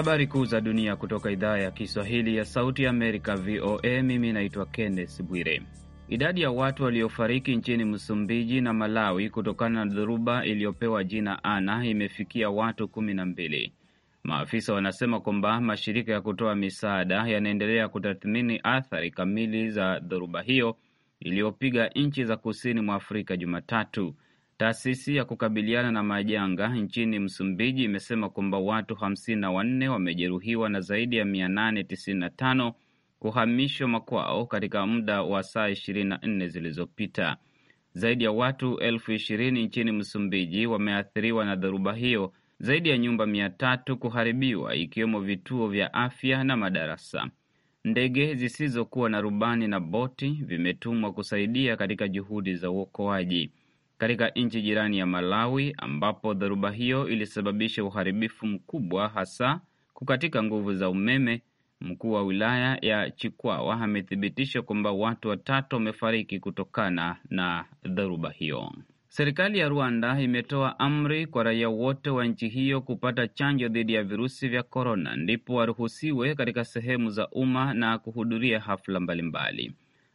Habari kuu za dunia kutoka idhaa ya Kiswahili ya Sauti Amerika, VOA. Mimi naitwa Kenneth Bwire. Idadi ya watu waliofariki nchini Msumbiji na Malawi kutokana na dhoruba iliyopewa jina Ana imefikia watu kumi na mbili. Maafisa wanasema kwamba mashirika ya kutoa misaada yanaendelea kutathmini athari kamili za dhoruba hiyo iliyopiga nchi za kusini mwa Afrika Jumatatu. Taasisi ya kukabiliana na majanga nchini Msumbiji imesema kwamba watu hamsini na wanne wamejeruhiwa na zaidi ya mia nane tisini na tano kuhamishwa makwao katika muda wa saa ishirini na nne zilizopita. Zaidi ya watu elfu ishirini nchini Msumbiji wameathiriwa na dhoruba hiyo, zaidi ya nyumba mia tatu kuharibiwa ikiwemo vituo vya afya na madarasa. Ndege zisizokuwa na rubani na boti vimetumwa kusaidia katika juhudi za uokoaji katika nchi jirani ya Malawi ambapo dhoruba hiyo ilisababisha uharibifu mkubwa hasa kukatika nguvu za umeme. Mkuu wa wilaya ya Chikwawa amethibitisha kwamba watu watatu wamefariki kutokana na dhoruba hiyo. Serikali ya Rwanda imetoa amri kwa raia wote wa nchi hiyo kupata chanjo dhidi ya virusi vya korona, ndipo waruhusiwe katika sehemu za umma na kuhudhuria hafla mbalimbali.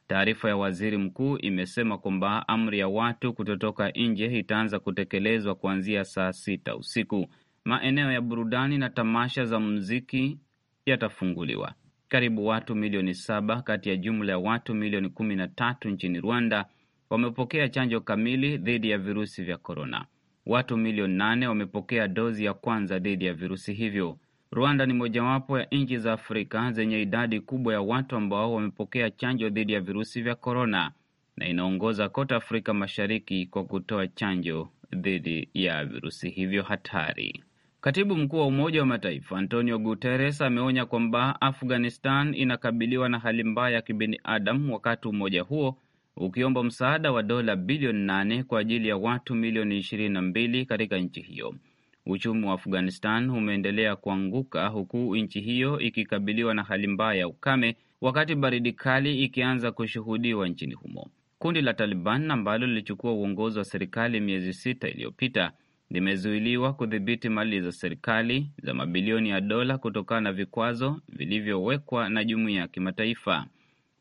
Taarifa ya waziri mkuu imesema kwamba amri ya watu kutotoka nje itaanza kutekelezwa kuanzia saa sita usiku. Maeneo ya burudani na tamasha za muziki yatafunguliwa. Karibu watu milioni saba kati ya jumla ya watu milioni kumi na tatu nchini Rwanda wamepokea chanjo kamili dhidi ya virusi vya korona. Watu milioni nane wamepokea dozi ya kwanza dhidi ya virusi hivyo. Rwanda ni mojawapo ya nchi za Afrika zenye idadi kubwa ya watu ambao wamepokea chanjo dhidi ya virusi vya korona na inaongoza kote Afrika Mashariki kwa kutoa chanjo dhidi ya virusi hivyo hatari. Katibu mkuu wa Umoja wa Mataifa Antonio Guterres ameonya kwamba Afghanistan inakabiliwa na hali mbaya ya kibinadamu, wakati umoja huo ukiomba msaada wa dola bilioni 8 kwa ajili ya watu milioni 22 katika nchi hiyo. Uchumi wa Afghanistan umeendelea kuanguka huku nchi hiyo ikikabiliwa na hali mbaya ya ukame, wakati baridi kali ikianza kushuhudiwa nchini humo. Kundi la Taliban ambalo lilichukua uongozi wa serikali miezi sita iliyopita limezuiliwa kudhibiti mali za serikali za mabilioni ya dola kutokana na vikwazo vilivyowekwa na jumuiya ya kimataifa.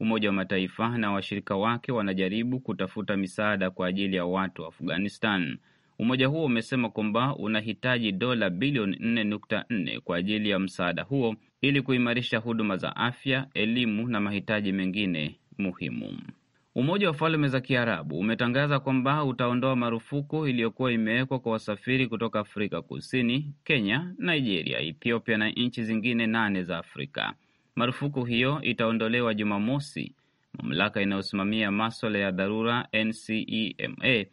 Umoja wa Mataifa na washirika wake wanajaribu kutafuta misaada kwa ajili ya watu wa Afghanistan. Umoja huo umesema kwamba unahitaji dola bilioni 4.4 kwa ajili ya msaada huo ili kuimarisha huduma za afya, elimu na mahitaji mengine muhimu. Umoja wa Falme za Kiarabu umetangaza kwamba utaondoa marufuku iliyokuwa imewekwa kwa wasafiri kutoka Afrika Kusini, Kenya, Nigeria, Ethiopia na nchi zingine nane za Afrika. Marufuku hiyo itaondolewa Jumamosi. Mamlaka inayosimamia maswala ya dharura NCEMA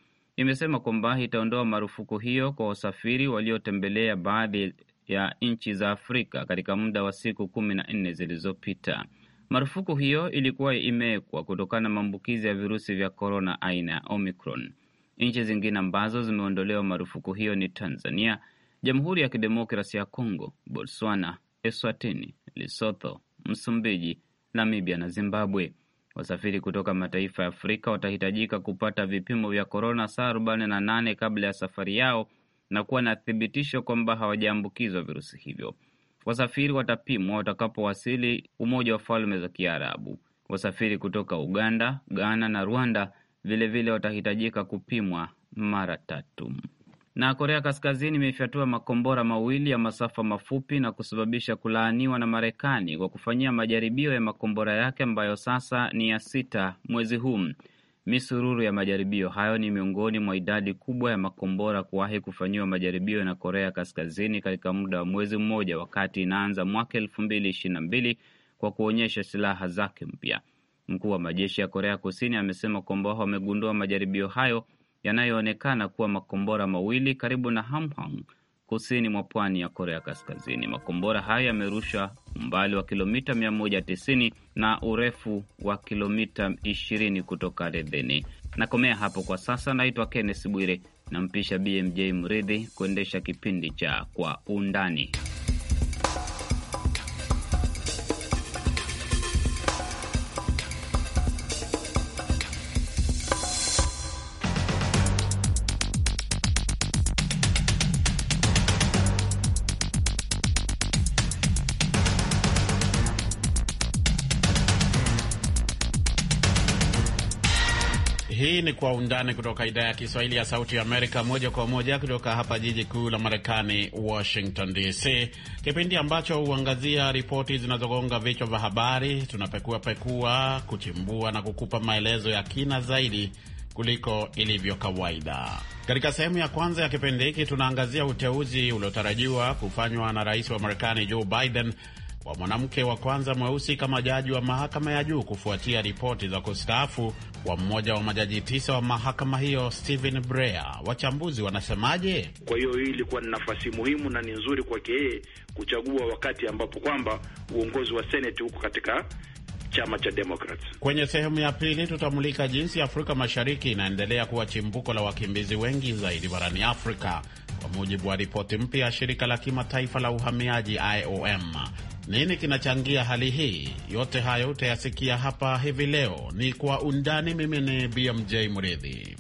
imesema kwamba itaondoa marufuku hiyo kwa wasafiri waliotembelea baadhi ya nchi za Afrika katika muda wa siku kumi na nne zilizopita. Marufuku hiyo ilikuwa imewekwa kutokana na maambukizi ya virusi vya korona aina ya Omicron. Nchi zingine ambazo zimeondolewa marufuku hiyo ni Tanzania, Jamhuri ya Kidemokrasi ya Kongo, Botswana, Eswatini, Lesotho, Msumbiji, Namibia na Zimbabwe. Wasafiri kutoka mataifa ya Afrika watahitajika kupata vipimo vya korona saa 48 kabla ya safari yao na kuwa na thibitisho kwamba hawajaambukizwa virusi hivyo. Wasafiri watapimwa watakapowasili Umoja wa Falme za Kiarabu. Wasafiri kutoka Uganda, Ghana na Rwanda vilevile vile watahitajika kupimwa mara tatu na Korea Kaskazini imefyatua makombora mawili ya masafa mafupi na kusababisha kulaaniwa na Marekani kwa kufanyia majaribio ya makombora yake ambayo sasa ni ya sita mwezi huu. Misururu ya majaribio hayo ni miongoni mwa idadi kubwa ya makombora kuwahi kufanyiwa majaribio na Korea Kaskazini katika muda wa mwezi mmoja, wakati inaanza mwaka elfu mbili ishirini na mbili kwa kuonyesha silaha zake mpya. Mkuu wa majeshi ya Korea Kusini amesema kwamba wamegundua majaribio hayo yanayoonekana kuwa makombora mawili karibu na Hamhung kusini mwa pwani ya Korea Kaskazini. Makombora haya yamerusha umbali wa kilomita 190 na urefu wa kilomita 20 kutoka ardhini. Nakomea hapo kwa sasa. Naitwa Kenneth Bwire, nampisha BMJ Mridhi kuendesha kipindi cha Kwa Undani. kwa undani kutoka idhaa ya Kiswahili ya Sauti Amerika, moja kwa moja kutoka hapa jiji kuu la Marekani, Washington DC, kipindi ambacho huangazia ripoti zinazogonga vichwa vya habari. Tunapekua pekua, kuchimbua na kukupa maelezo ya kina zaidi kuliko ilivyo kawaida. Katika sehemu ya kwanza ya kipindi hiki tunaangazia uteuzi uliotarajiwa kufanywa na rais wa Marekani Joe Biden wa mwanamke wa kwanza mweusi kama jaji wa mahakama ya juu kufuatia ripoti za kustaafu kwa mmoja wa majaji tisa wa mahakama hiyo Stephen Breyer. Wachambuzi wanasemaje? Kwa hiyo hii ilikuwa ni nafasi muhimu na ni nzuri kwake yeye kuchagua wakati ambapo kwamba uongozi wa seneti huko katika chama cha Demokrat. Kwenye sehemu ya pili tutamulika jinsi Afrika Mashariki inaendelea kuwa chimbuko la wakimbizi wengi zaidi barani Afrika kwa mujibu wa ripoti mpya ya shirika la kimataifa la uhamiaji IOM. Nini kinachangia hali hii? Yote hayo utayasikia hapa hivi leo. Ni kwa undani. Mimi ni BMJ Mridhi.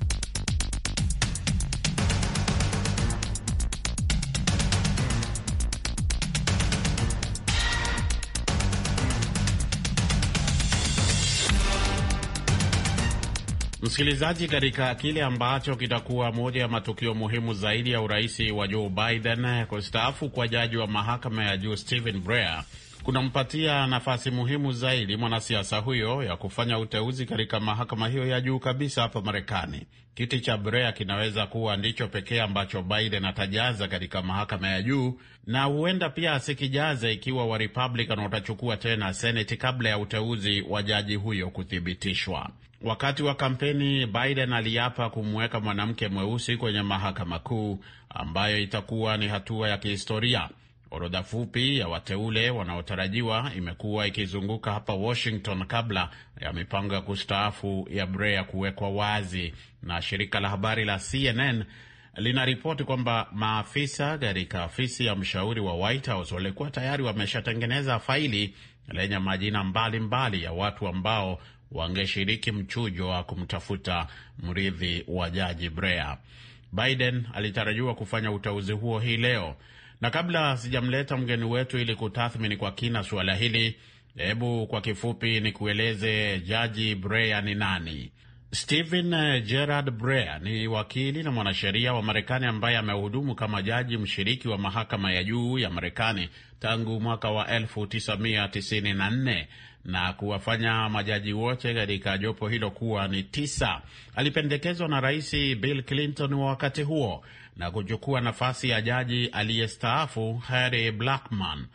Msikilizaji, katika kile ambacho kitakuwa moja ya matukio muhimu zaidi ya urais wa Joe Biden kustaafu kwa jaji wa mahakama ya juu Stephen Breyer kunampatia nafasi muhimu zaidi mwanasiasa huyo ya kufanya uteuzi katika mahakama hiyo ya juu kabisa hapa Marekani. Kiti cha Breyer kinaweza kuwa ndicho pekee ambacho Biden atajaza katika mahakama ya juu, na huenda pia asikijaze ikiwa warpublican watachukua tena Seneti kabla ya uteuzi wa jaji huyo kuthibitishwa. Wakati wa kampeni, Biden aliapa kumweka mwanamke mweusi kwenye mahakama kuu, ambayo itakuwa ni hatua ya kihistoria. Orodha fupi ya wateule wanaotarajiwa imekuwa ikizunguka hapa Washington kabla ya mipango ya kustaafu ya Brea kuwekwa wazi, na shirika la habari la CNN linaripoti kwamba maafisa katika afisi ya mshauri wa White House walikuwa tayari wameshatengeneza faili lenye majina mbalimbali mbali ya watu ambao wangeshiriki mchujo wa kumtafuta mrithi wa jaji Brea. Biden alitarajiwa kufanya uteuzi huo hii leo, na kabla sijamleta mgeni wetu ili kutathmini kwa kina suala hili, hebu kwa kifupi ni kueleze jaji Brea ni nani. Stephen Gerard Brea ni wakili na mwanasheria wa Marekani ambaye amehudumu kama jaji mshiriki wa mahakama ya juu ya Marekani tangu mwaka wa 1994 na kuwafanya majaji wote katika jopo hilo kuwa ni tisa. Alipendekezwa na Rais Bill Clinton wa wakati huo na kuchukua nafasi ya jaji aliyestaafu Harry Blackman.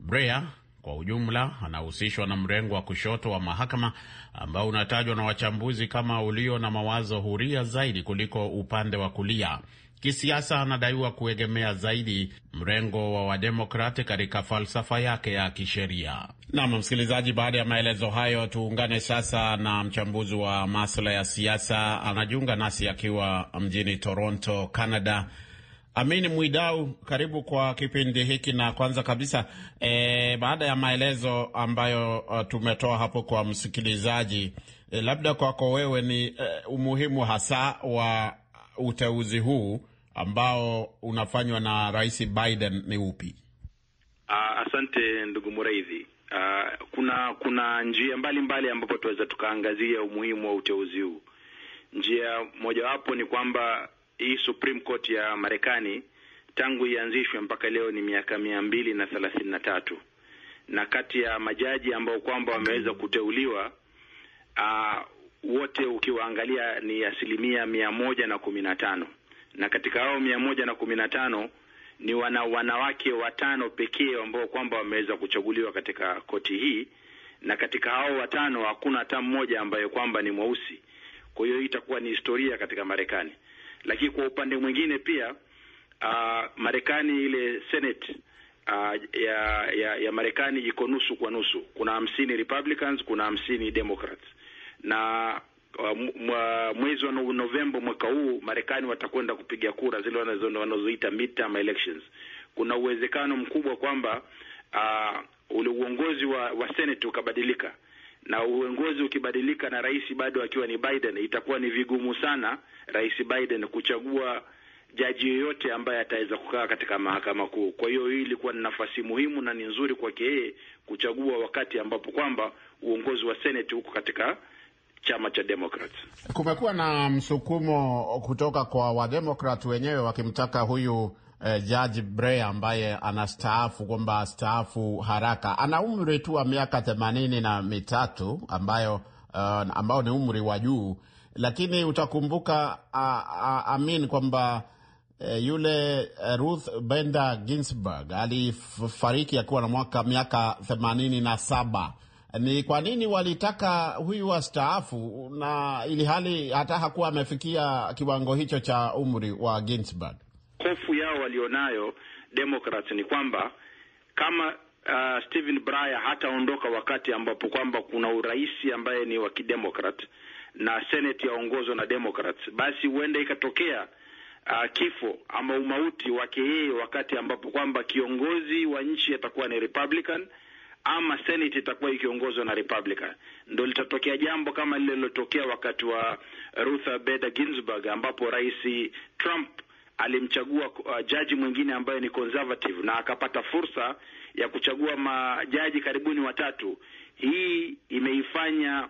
Breyer kwa ujumla anahusishwa na mrengo wa kushoto wa mahakama ambao unatajwa na wachambuzi kama ulio na mawazo huria zaidi kuliko upande wa kulia kisiasa anadaiwa kuegemea zaidi mrengo wa Wademokrati katika falsafa yake ya kisheria. Nam msikilizaji, baada ya maelezo hayo, tuungane sasa na mchambuzi wa masuala ya siasa, anajiunga nasi akiwa mjini Toronto, Canada. Amin Mwidau, karibu kwa kipindi hiki. Na kwanza kabisa e, baada ya maelezo ambayo uh, tumetoa hapo kwa msikilizaji e, labda kwako wewe ni e, umuhimu hasa wa uteuzi huu ambao unafanywa na Rais Biden ni upi? Uh, asante ndugu Muraidhi. Uh, ah, kuna kuna njia mbalimbali ambapo tunaweza tukaangazia umuhimu wa uteuzi huu. Njia mojawapo ni kwamba hii Supreme Court ya Marekani tangu ianzishwe mpaka leo ni miaka mia mbili na thelathini na tatu na kati ya majaji ambao kwamba wameweza kuteuliwa uh, wote ukiwaangalia ni asilimia mia moja na kumi na tano na katika hao mia moja na kumi na tano ni wana wanawake watano pekee ambao kwamba wameweza kuchaguliwa katika koti hii, na katika hao watano hakuna hata mmoja ambaye kwamba ni mweusi. Kwa hiyo itakuwa ni historia katika Marekani. Lakini kwa upande mwingine pia uh, Marekani ile Senate uh, ya, ya, ya Marekani iko nusu kwa nusu, kuna hamsini Republicans, kuna hamsini Democrats na Uh, mwezi wa Novemba mwaka huu Marekani watakwenda kupiga kura zile wanazoita midterm elections. Kuna uwezekano mkubwa kwamba uh, ule uongozi wa, wa Senate ukabadilika, na uongozi ukibadilika na rais bado akiwa ni Biden, itakuwa ni vigumu sana rais Biden kuchagua jaji yoyote ambaye ataweza kukaa katika mahakama kuu. Kwa hiyo hii ilikuwa ni nafasi muhimu na ni nzuri kwake yeye kuchagua wakati ambapo kwamba uongozi wa Senate uko katika chama cha Democrat. Kumekuwa na msukumo kutoka kwa wademokrat wenyewe wakimtaka huyu eh, Judge Breyer ambaye anastaafu kwamba astaafu haraka. Ana umri tu wa miaka themanini na mitatu ambayo uh, ambao ni umri wa juu, lakini utakumbuka amin kwamba eh, yule eh, Ruth Bader Ginsburg alifariki akiwa na mwaka miaka themanini na saba ni kwa nini walitaka huyu wastaafu na ili hali hata hakuwa amefikia kiwango hicho cha umri wa Ginsburg. Hofu yao walionayo Democrats ni kwamba kama uh, Stephen Breyer hataondoka wakati ambapo kwamba kuna uraisi ambaye ni wa kidemokrat na seneti yaongozwa na Democrats, basi huenda ikatokea uh, kifo ama umauti wake yeye wakati ambapo kwamba kiongozi wa nchi atakuwa ni Republican ama Senate itakuwa ikiongozwa na Republican. Ndio litatokea jambo kama lile lilotokea wakati wa eh, Ruth Bader Ginsburg, ambapo Rais Trump alimchagua uh, jaji mwingine ambaye ni conservative na akapata fursa ya kuchagua majaji karibuni watatu. Hii imeifanya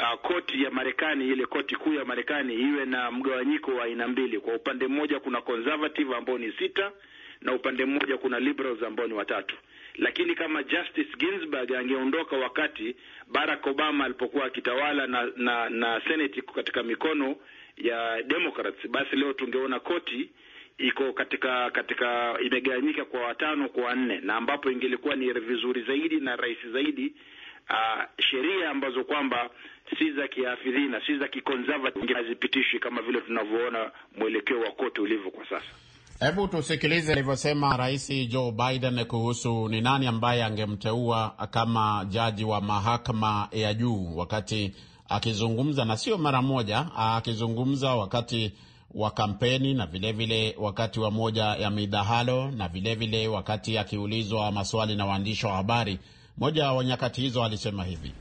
Uh, koti ya Marekani ile koti kuu ya Marekani iwe na mgawanyiko wa aina mbili. Kwa upande mmoja kuna conservative ambao ni sita na upande mmoja kuna liberals ambao ni watatu lakini kama Justice Ginsburg angeondoka wakati Barack Obama alipokuwa akitawala na, na, na Senate iko katika mikono ya Democrats, basi leo tungeona koti iko katika katika imegawanyika kwa watano kwa wanne, na ambapo ingelikuwa ni vizuri zaidi na rahisi zaidi Uh, sheria ambazo kwamba si za kiafidhina si za kiconservative hazipitishwi kama vile tunavyoona mwelekeo wa koti ulivyo kwa sasa. Hebu tusikilize alivyosema Rais Joe Biden kuhusu ni nani ambaye angemteua kama jaji wa mahakama ya juu, wakati akizungumza, na sio mara moja, akizungumza wakati wa kampeni na vilevile vile wakati wa moja ya midahalo na vilevile vile wakati akiulizwa maswali na waandishi wa habari. Moja wa nyakati hizo alisema hivi: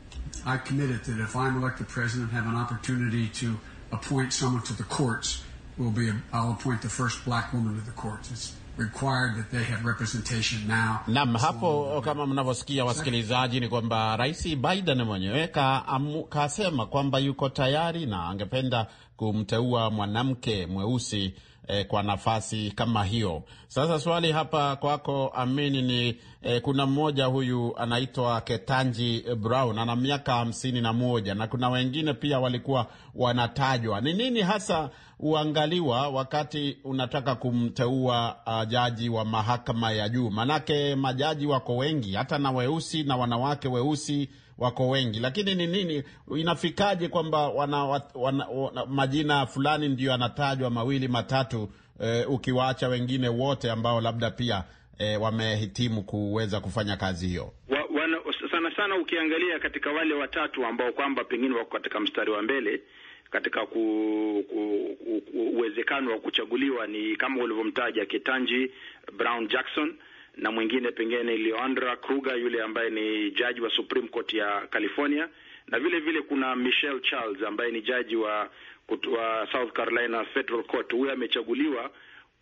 I committed that if I'm elected president, have an opportunity to appoint someone to the courts will be, I'll appoint the first black woman to the courts. It's required that they have representation now. Naam, hapo kama mnavyosikia wasikilizaji, ni kwamba Rais Biden mwenyewe kasema kwamba yuko tayari na angependa kumteua mwanamke mweusi eh, kwa nafasi kama hiyo. Sasa swali hapa kwako Amini ni E, kuna mmoja huyu anaitwa Ketanji Brown ana miaka hamsini na moja na kuna wengine pia walikuwa wanatajwa. Ni nini hasa huangaliwa wakati unataka kumteua uh, jaji wa mahakama ya juu? Manake majaji wako wengi, hata na weusi na wanawake weusi wako wengi, lakini ni nini, inafikaje kwamba wana, wana, wana, majina fulani ndiyo anatajwa mawili matatu, eh, ukiwaacha wengine wote ambao labda pia e, wamehitimu kuweza kufanya kazi hiyo? Wa, wana, sana sana ukiangalia katika wale watatu ambao kwamba pengine wako katika mstari wa mbele katika ku, ku, ku, ku, uwezekano wa kuchaguliwa ni kama ulivyomtaja Ketanji Brown Jackson na mwingine pengine Leandra Kruger yule ambaye ni jaji wa Supreme Court ya California, na vile vile kuna Michelle Charles ambaye ni jaji wa, wa South Carolina Federal Court. Huyo amechaguliwa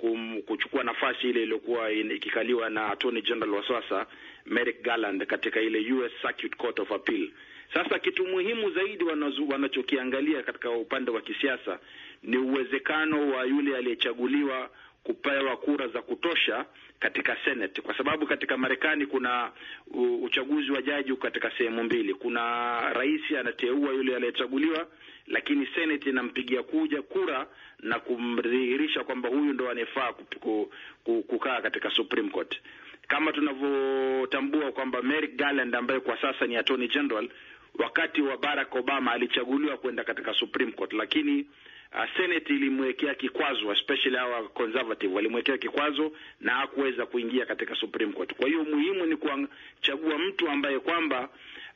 kum, kuchukua nafasi ile iliyokuwa ikikaliwa na Attorney General wa sasa Merrick Garland katika ile US Circuit Court of Appeal. Sasa kitu muhimu zaidi wanachokiangalia katika upande wa kisiasa ni uwezekano wa yule aliyechaguliwa kupewa kura za kutosha katika Senate, kwa sababu katika Marekani kuna uchaguzi wa jaji katika sehemu mbili. Kuna rais anateua yule aliyechaguliwa, lakini Senate inampigia kuja kura na kumdhihirisha kwamba huyu ndo anayefaa kukaa katika Supreme Court, kama tunavyotambua kwamba Merrick Garland ambaye kwa sasa ni Attorney General wakati wa Barack Obama alichaguliwa kwenda katika Supreme Court, lakini uh, Senate ilimwekea kikwazo, especially hawa conservative walimwekea kikwazo na hakuweza kuingia katika Supreme Court. Kwa hiyo muhimu ni kuchagua mtu ambaye kwamba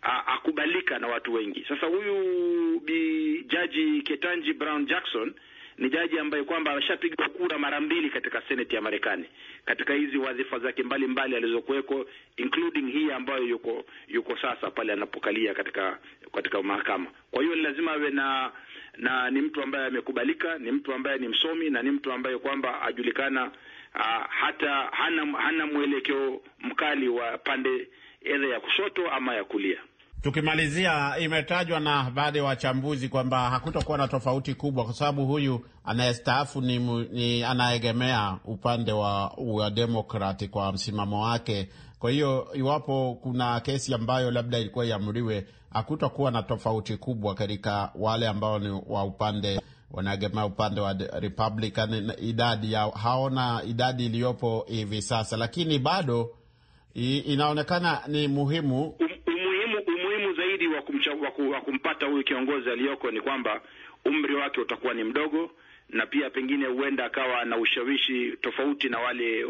uh, akubalika na watu wengi. Sasa huyu bi jaji Ketanji Brown Jackson ni jaji ambaye kwamba ameshapiga kura mara mbili katika seneti ya Marekani katika hizi wadhifa zake mbalimbali alizokuweko including hii ambayo yuko yuko sasa pale anapokalia katika katika mahakama. Kwa hiyo lazima awe na na ni mtu ambaye amekubalika, ni mtu ambaye ni msomi na ni mtu ambaye kwamba ajulikana Uh, hata hana, hana mwelekeo mkali wa pande edhe ya kushoto ama ya kulia. Tukimalizia, imetajwa na baadhi ya wachambuzi kwamba hakutakuwa na tofauti kubwa kwa sababu huyu anayestaafu ni, ni anaegemea upande wa, wa Demokrati kwa msimamo wake. Kwa hiyo iwapo kuna kesi ambayo labda ilikuwa iamriwe hakutakuwa na tofauti kubwa katika wale ambao ni wa upande wanaegemea upande wa Republican, idadi ya hao na idadi iliyopo hivi sasa, lakini bado i, inaonekana ni muhimu um, zaidi wa, kumcha, wa, wa kumpata huyu kiongozi aliyoko ni kwamba umri wake utakuwa ni mdogo na pia pengine huenda akawa na ushawishi tofauti na wale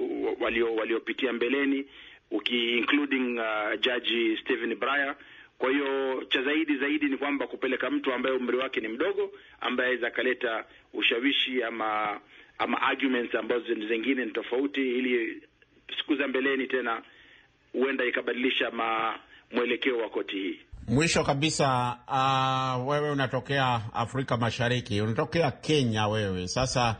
waliopitia walio mbeleni uki including uh, Jaji Stephen Breyer kwa hiyo cha zaidi zaidi ni kwamba kupeleka mtu ambaye umri wake ni mdogo, ambaye aweza akaleta ushawishi ama ama arguments ambazo zingine ni tofauti, ili siku za mbeleni tena huenda ikabadilisha ma mwelekeo wa koti hii. Mwisho kabisa, uh, wewe unatokea Afrika Mashariki, unatokea Kenya wewe sasa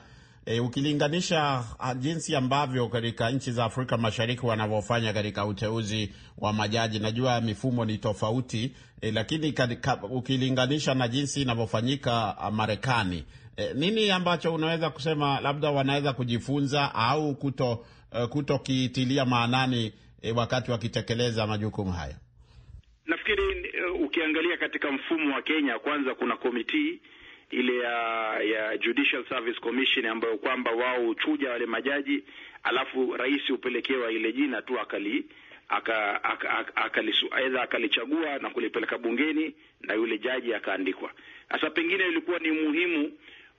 E, ukilinganisha ah, jinsi ambavyo katika nchi za Afrika Mashariki wanavyofanya katika uteuzi wa majaji, najua mifumo ni tofauti e, lakini katika, ukilinganisha na jinsi inavyofanyika ah, Marekani e, nini ambacho unaweza kusema labda wanaweza kujifunza au kuto e, kutokiitilia maanani e, wakati wakitekeleza majukumu hayo? Nafikiri e, ukiangalia katika mfumo wa Kenya, kwanza kuna komitii ile ya ya Judicial Service Commission ambayo kwamba wao huchuja wale majaji, alafu rais hupelekewa ile jina tu akali aka aidha akalichagua na kulipeleka bungeni na yule jaji akaandikwa. Sasa pengine ilikuwa ni muhimu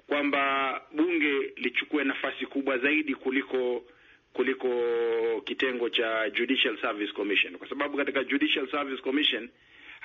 kwamba bunge lichukue nafasi kubwa zaidi kuliko kuliko kitengo cha Judicial Service Commission, kwa sababu katika Judicial Service Commission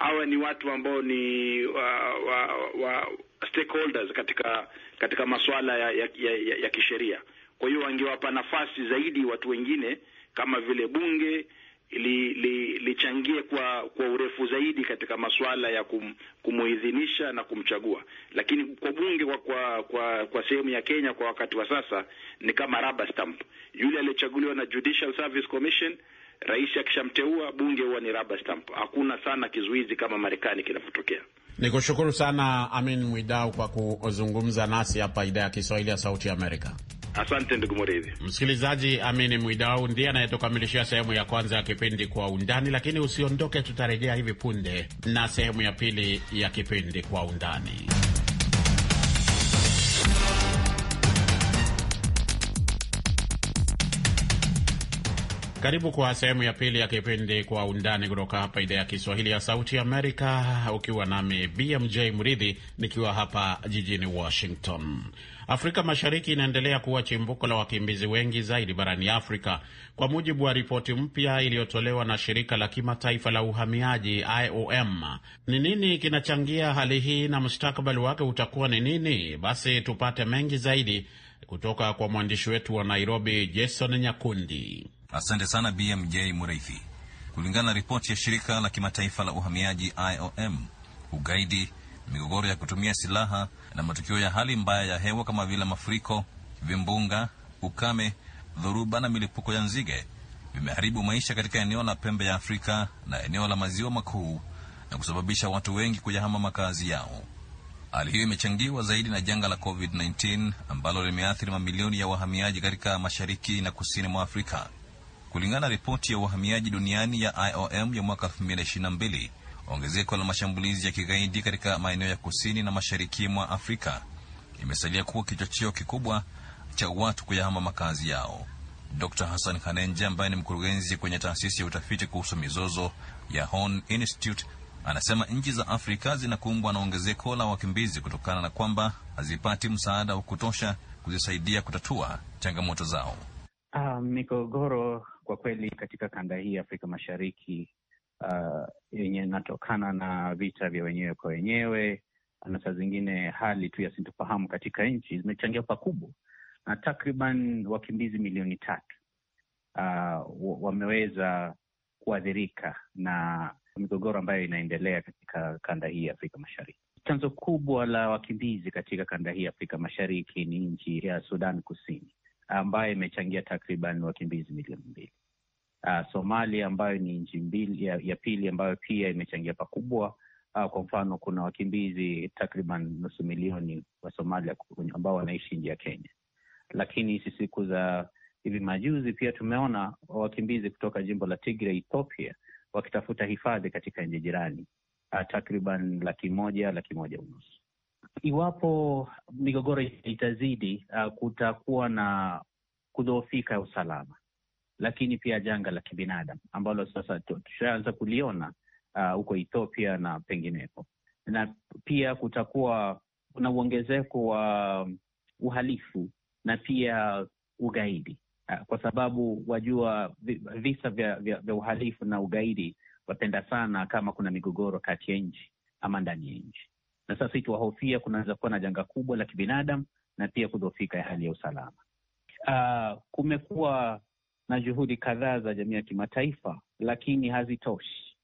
hawa ni watu ambao ni wa, wa, wa stakeholders katika katika masuala ya, ya, ya, ya kisheria. Kwa hiyo wangewapa nafasi zaidi watu wengine kama vile bunge li, li, lichangie kwa kwa urefu zaidi katika masuala ya kum, kumuidhinisha na kumchagua. Lakini kwa bunge kwa kwa, kwa, kwa sehemu ya Kenya kwa wakati wa sasa ni kama rubber stamp. Yule aliyechaguliwa na Judicial Service Commission rais akishamteua bunge huwa ni rubber stamp. Hakuna sana kizuizi kama Marekani kinavyotokea. Ni kushukuru sana Amin Mwidau kwa kuzungumza nasi hapa idhaa ya Kiswahili ya Sauti ya Amerika. Asante ndugu Murithi. Msikilizaji, Amini Mwidau ndiye anayetukamilishia sehemu ya kwanza ya kipindi Kwa Undani, lakini usiondoke, tutarejea hivi punde na sehemu ya pili ya kipindi Kwa Undani. Karibu kwa sehemu ya pili ya kipindi Kwa Undani kutoka hapa idhaa ya Kiswahili ya Sauti Amerika, ukiwa nami BMJ Mridhi nikiwa hapa jijini Washington. Afrika Mashariki inaendelea kuwa chimbuko la wakimbizi wengi zaidi barani Afrika kwa mujibu wa ripoti mpya iliyotolewa na shirika la kimataifa la uhamiaji IOM. Ni nini kinachangia hali hii na mustakabali wake utakuwa ni nini? Basi tupate mengi zaidi kutoka kwa mwandishi wetu wa Nairobi, Jason Nyakundi. Asante sana BMJ Mureithi. Kulingana na ripoti ya shirika la kimataifa la uhamiaji IOM, ugaidi, migogoro ya kutumia silaha na matukio ya hali mbaya ya hewa kama vile mafuriko, vimbunga, ukame, dhoruba na milipuko ya nzige vimeharibu maisha katika eneo la pembe ya Afrika na eneo la maziwa makuu na kusababisha watu wengi kuyahama makazi yao. Hali hiyo imechangiwa zaidi na janga la COVID-19 ambalo limeathiri mamilioni ya wahamiaji katika mashariki na kusini mwa Afrika. Kulingana na ripoti ya uhamiaji duniani ya IOM ya mwaka 2022, ongezeko la mashambulizi ya kigaidi katika maeneo ya kusini na mashariki mwa Afrika imesalia kuwa kichocheo kikubwa cha watu kuyahama makazi yao. Dr Hassan Khanenje ambaye ni mkurugenzi kwenye taasisi ya utafiti kuhusu mizozo ya Horn Institute anasema nchi za Afrika zinakumbwa na ongezeko la wakimbizi kutokana na kwamba hazipati msaada wa kutosha kuzisaidia kutatua changamoto zao. Uh, migogoro kwa kweli katika kanda hii ya Afrika Mashariki uh, yenye inatokana na vita vya wenyewe kwa wenyewe na saa zingine hali tu ya sintofahamu katika nchi zimechangia pakubwa, na takriban wakimbizi milioni tatu uh, wameweza kuathirika na migogoro ambayo inaendelea katika kanda hii ya Afrika Mashariki. Chanzo kubwa la wakimbizi katika kanda hii ya Afrika Mashariki ni nchi ya Sudan Kusini ambayo imechangia takriban wakimbizi milioni mbili uh, ah, Somalia ambayo ni nchi mbili ya, ya pili ambayo pia imechangia pakubwa. Uh, kwa mfano kuna wakimbizi takriban nusu milioni wa Somalia ambao wanaishi nje ya Kenya, lakini hizi siku za hivi majuzi pia tumeona wakimbizi kutoka jimbo la Tigray Ethiopia wakitafuta hifadhi katika nchi jirani uh, takriban laki moja laki moja unusu. Iwapo migogoro itazidi, uh, kutakuwa na kudhoofika usalama lakini pia janga la kibinadamu ambalo sasa tushaanza kuliona uh, huko uh, Ethiopia na pengineko na pia kutakuwa kuna uongezeko wa uhalifu na pia ugaidi uh, kwa sababu wajua visa vya, vya, vya uhalifu na ugaidi wapenda sana kama kuna migogoro kati ya nchi ama ndani ya nchi, na sasa ikiwahofia kunaweza kuwa na janga kubwa la kibinadamu na pia kudhofika ya hali ya usalama. Uh, kumekuwa na juhudi kadhaa za jamii ya kimataifa, lakini hazitoshi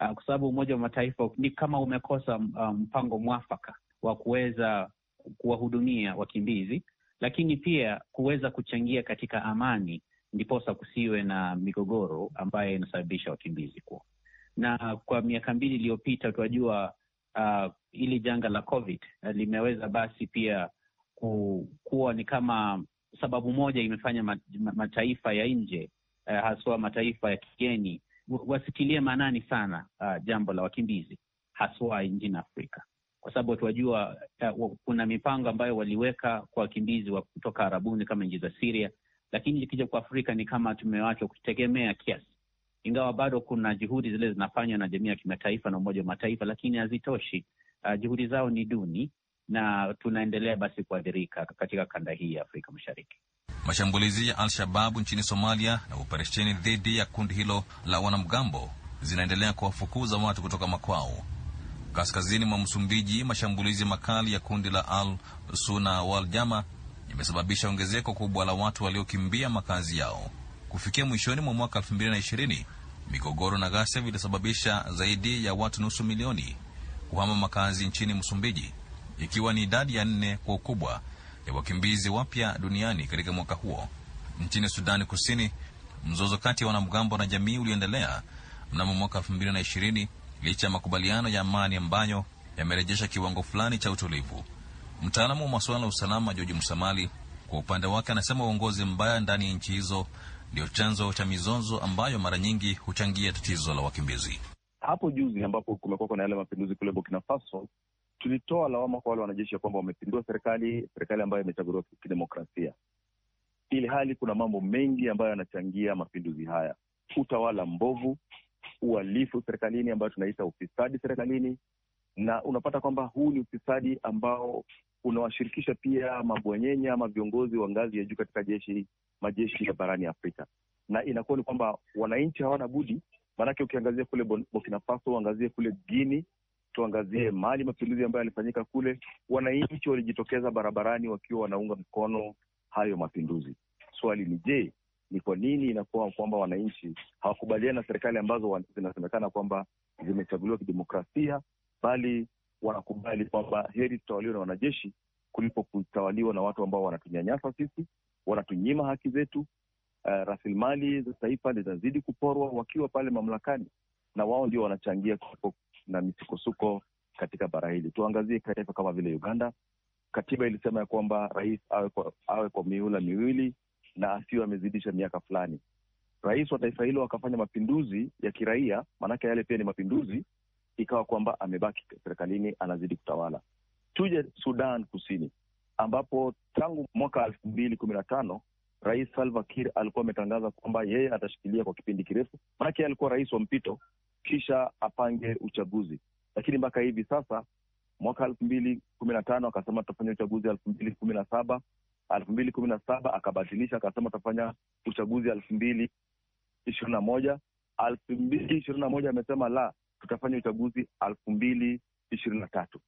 uh, kwa sababu Umoja wa Mataifa ni kama umekosa ah, mpango um, mwafaka wa kuweza kuwahudumia wakimbizi, lakini pia kuweza kuchangia katika amani, ndiposa kusiwe na migogoro ambayo inasababisha wakimbizi kuwa na. Kwa miaka mbili iliyopita tunajua uh, ah, ili janga la COVID limeweza basi pia ku, kuwa ni kama sababu moja imefanya mataifa ya nje uh, haswa mataifa ya kigeni wasitilie maanani sana uh, jambo la wakimbizi haswa nchini Afrika kwa sababu tuwajua uh, eh, kuna mipango ambayo waliweka kwa wakimbizi wa kutoka Arabuni kama nchi za siria lakini ikija kwa Afrika ni kama tumewachwa kutegemea kiasi, ingawa bado kuna juhudi zile zinafanywa na jamii ya kimataifa na Umoja wa Mataifa, lakini hazitoshi. Uh, juhudi zao ni duni na tunaendelea basi kuathirika katika kanda hii ya Afrika Mashariki. Mashambulizi ya Al-Shababu nchini Somalia na operesheni dhidi ya kundi hilo la wanamgambo zinaendelea kuwafukuza watu kutoka makwao. Kaskazini mwa Msumbiji, mashambulizi makali ya kundi la Al Suna wal Jama yamesababisha ongezeko kubwa la watu waliokimbia makazi yao. Kufikia mwishoni mwa mwaka elfu mbili na ishirini, migogoro na ghasia vilisababisha zaidi ya watu nusu milioni kuhama makazi nchini Msumbiji ikiwa ni idadi ya nne kwa ukubwa ya wakimbizi wapya duniani katika mwaka huo. Nchini Sudani Kusini, mzozo kati ya wanamgambo na jamii ulioendelea mnamo mwaka elfu mbili na ishirini licha ya makubaliano ya amani ambayo yamerejesha kiwango fulani cha utulivu. Mtaalamu wa masuala ya usalama Joji Msamali kwa upande wake anasema uongozi mbaya ndani ya nchi hizo ndio chanzo cha mizozo ambayo mara nyingi huchangia tatizo la wakimbizi. Hapo juzi ambapo kumekuwa na yale mapinduzi kule Burkina Faso, tulitoa lawama kwa wale wanajeshi ya kwamba wamepindua serikali, serikali ambayo imechaguliwa kidemokrasia, ili hali kuna mambo mengi ambayo yanachangia mapinduzi haya: utawala mbovu, uhalifu serikalini ambayo tunaita ufisadi serikalini, na unapata kwamba huu ni ufisadi ambao unawashirikisha pia mabwanyenye ama viongozi wa ngazi ya juu katika jeshi majeshi ya barani Afrika, na inakuwa ni kwamba wananchi hawana budi. Maanake ukiangazia kule Burkina Faso, uangazie kule Guini, tuangazie mali mapinduzi ambayo yalifanyika kule. Wananchi walijitokeza barabarani wakiwa wanaunga mkono hayo mapinduzi. Swali ni je, ni kwa nini inakuwa kwamba wananchi hawakubaliani na serikali ambazo zinasemekana kwamba zimechaguliwa kidemokrasia, bali wanakubali kwamba heri tutawaliwa na wanajeshi kuliko kutawaliwa na watu ambao wanatunyanyasa sisi, wanatunyima haki zetu. Uh, rasilimali za taifa zinazidi kuporwa wakiwa pale mamlakani, na wao ndio wanachangia na misukosuko katika bara hili. Tuangazie taifa kama vile Uganda. Katiba ilisema ya kwamba rais awe kwa, awe kwa mihula miwili na asiwe amezidisha miaka fulani. Rais wa taifa hilo akafanya mapinduzi ya kiraia, maanake yale pia ni mapinduzi, ikawa kwamba amebaki serikalini, anazidi kutawala. Tuje Sudan Kusini, ambapo tangu mwaka elfu mbili kumi na tano Rais Salva Kiir alikuwa ametangaza kwamba yeye atashikilia kwa kipindi kirefu, maanake alikuwa rais wa mpito kisha apange uchaguzi. Lakini mpaka hivi sasa mwaka elfu mbili kumi na tano akasema tutafanya uchaguzi elfu mbili kumi na saba elfu mbili kumi na saba akabatilisha akasema tutafanya uchaguzi elfu mbili ishirini na moja elfu mbili ishirini na moja amesema la, tutafanya uchaguzi elfu mbili ishirini na tatu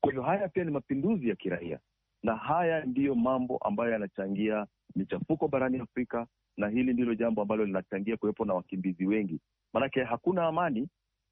Kwa hiyo haya pia ni mapinduzi ya kiraia, na haya ndiyo mambo ambayo yanachangia michafuko barani Afrika, na hili ndilo jambo ambalo linachangia kuwepo na wakimbizi wengi. Maanake hakuna amani,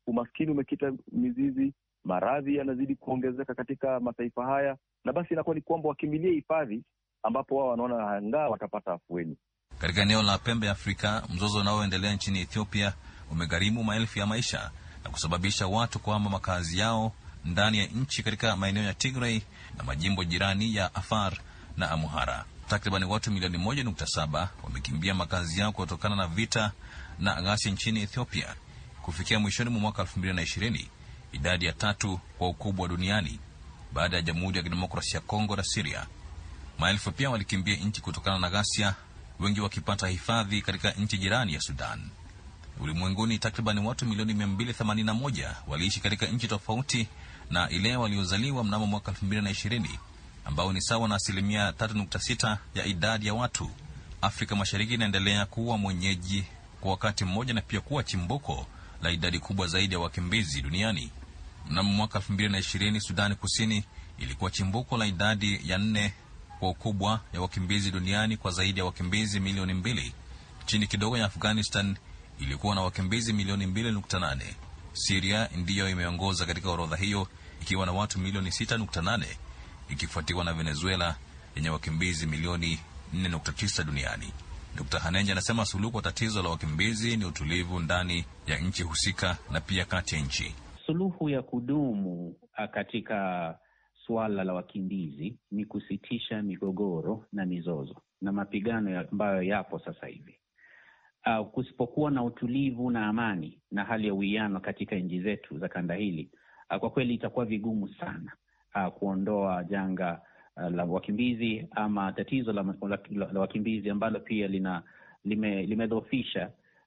umaskini umekita mizizi, maradhi yanazidi kuongezeka katika mataifa haya, na basi inakuwa ni kwamba wakimbilie hifadhi ambapo wao wanaona angaa watapata afueni. Katika eneo la pembe Afrika, mzozo unaoendelea nchini Ethiopia umegharimu maelfu ya maisha na kusababisha watu kuhama makazi yao ndani ya nchi katika maeneo ya Tigray na majimbo jirani ya Afar na Amhara. takriban watu milioni moja nukta saba wamekimbia makazi yao kutokana na vita na ghasia nchini Ethiopia. Kufikia mwishoni mwa mwaka 2020 idadi ya tatu kwa ukubwa duniani baada ya Jamhuri ya Kidemokrasia ya Kongo na Siria. Maelfu pia walikimbia nchi kutokana na ghasia, wengi wakipata hifadhi katika nchi jirani ya Sudan. Ulimwenguni, takriban watu milioni 281 waliishi katika nchi tofauti na ile waliozaliwa mnamo mwaka 2020 ambao ni sawa na asilimia 3.6 ya idadi ya watu. Afrika Mashariki inaendelea kuwa mwenyeji kwa wakati mmoja na pia kuwa chimbuko la idadi kubwa zaidi ya wakimbizi duniani. Mnamo mwaka elfu mbili na ishirini Sudani Kusini ilikuwa chimbuko la idadi ya nne kwa ukubwa ya wakimbizi duniani kwa zaidi ya wakimbizi milioni mbili. Chini kidogo ya Afghanistan ilikuwa na wakimbizi milioni mbili nukta nane. Siria ndiyo imeongoza katika orodha hiyo ikiwa na watu milioni sita nukta nane ikifuatiwa na Venezuela yenye wakimbizi milioni nne nukta tisa duniani. Dr. Hanenja anasema suluhu kwa tatizo la wakimbizi ni utulivu ndani ya nchi husika na pia kati ya nchi. Suluhu ya kudumu ah, katika suala la wakimbizi ni kusitisha migogoro na mizozo na mapigano ambayo ya yapo sasa hivi. Uh, kusipokuwa na utulivu na amani na hali ya uwiano katika nchi zetu za kanda hili, uh, kwa kweli itakuwa vigumu sana uh, kuondoa janga Eh, la wakimbizi ama tatizo la, la, la, la wakimbizi ambalo pia lina limedhofisha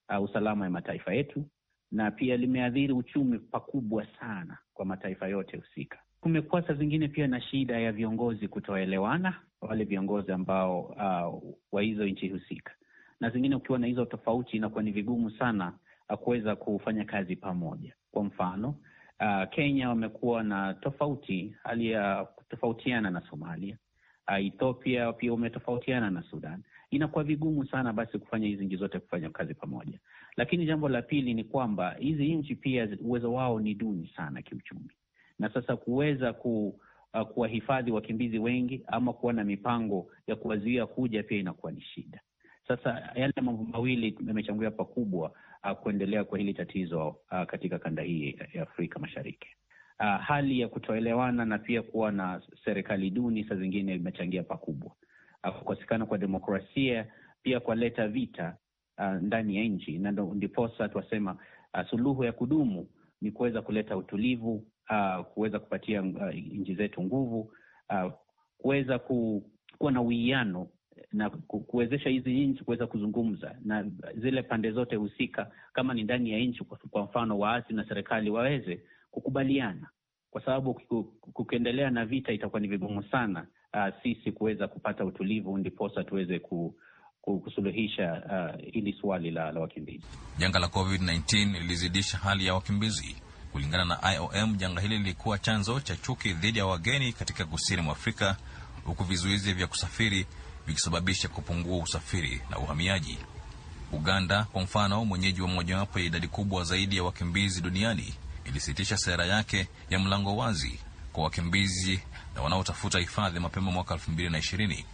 lime uh, usalama ya mataifa yetu na pia limeathiri uchumi pakubwa sana kwa mataifa yote husika. Kumekuwa saa zingine pia na shida ya viongozi kutoelewana, wale viongozi ambao uh, wa hizo nchi husika, na zingine ukiwa na hizo tofauti inakuwa ni vigumu sana kuweza kufanya kazi pamoja. Kwa mfano uh, Kenya wamekuwa na tofauti, hali ya tofautiana na Somalia. Ah, Ethiopia pia umetofautiana na Sudan. Inakuwa vigumu sana basi kufanya hizi nchi zote kufanya kazi pamoja. Lakini jambo la pili ni kwamba hizi nchi pia uwezo wao ni duni sana kiuchumi, na sasa kuweza ku, uh, kuwahifadhi wakimbizi wengi ama kuwa na mipango ya kuwazuia kuja pia inakuwa ni shida. Sasa yale mambo mawili yamechangia pakubwa uh, kuendelea kwa hili tatizo uh, katika kanda hii ya Afrika Mashariki uh, hali ya kutoelewana na pia kuwa na serikali duni saa zingine imechangia pakubwa uh, kukosekana kwa demokrasia pia kwaleta vita uh, ndani ya nchi, na ndiposa twasema uh, suluhu ya kudumu ni kuweza kuleta utulivu uh, kuweza kupatia uh, nchi zetu nguvu uh, kuweza kuwa na uwiano na kuwezesha hizi nchi kuweza kuzungumza na zile pande zote husika, kama ni ndani ya nchi, kwa mfano waasi na serikali, waweze kukubaliana, kwa sababu kukiendelea na vita itakuwa ni vigumu sana uh, sisi kuweza kupata utulivu, ndiposa tuweze ku kusuluhisha hili uh, swali la, la wakimbizi. Janga la COVID-19 lilizidisha hali ya wakimbizi. Kulingana na IOM, janga hili lilikuwa chanzo cha chuki dhidi ya wageni katika kusini mwa Afrika, huku vizuizi vya kusafiri vikisababisha kupungua usafiri na uhamiaji. Uganda, kwa mfano, mwenyeji wa mojawapo ya idadi kubwa zaidi ya wakimbizi duniani, ilisitisha sera yake ya mlango wazi kwa wakimbizi na wanaotafuta hifadhi mapema mwaka elfu mbili na ishirini.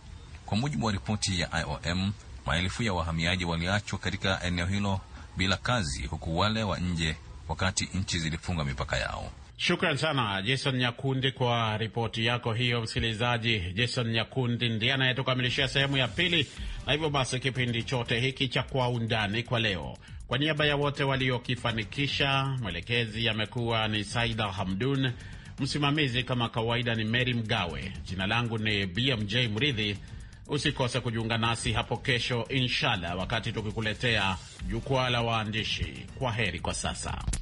Kwa mujibu wa ripoti ya IOM, maelfu ya wahamiaji waliachwa katika eneo hilo bila kazi, huku wale wa nje wakati nchi zilifunga mipaka yao. Shukran sana Jason Nyakundi kwa ripoti yako hiyo. Msikilizaji, Jason Nyakundi ndiye anayetukamilishia sehemu ya pili, na hivyo basi kipindi chote hiki cha Kwa Undani kwa leo. Kwa niaba ya wote waliokifanikisha, mwelekezi amekuwa ni Saida Hamdun, msimamizi kama kawaida ni Mary Mgawe, jina langu ni BMJ Mridhi. Usikose kujiunga nasi hapo kesho inshallah, wakati tukikuletea jukwaa la waandishi. Kwa heri kwa sasa.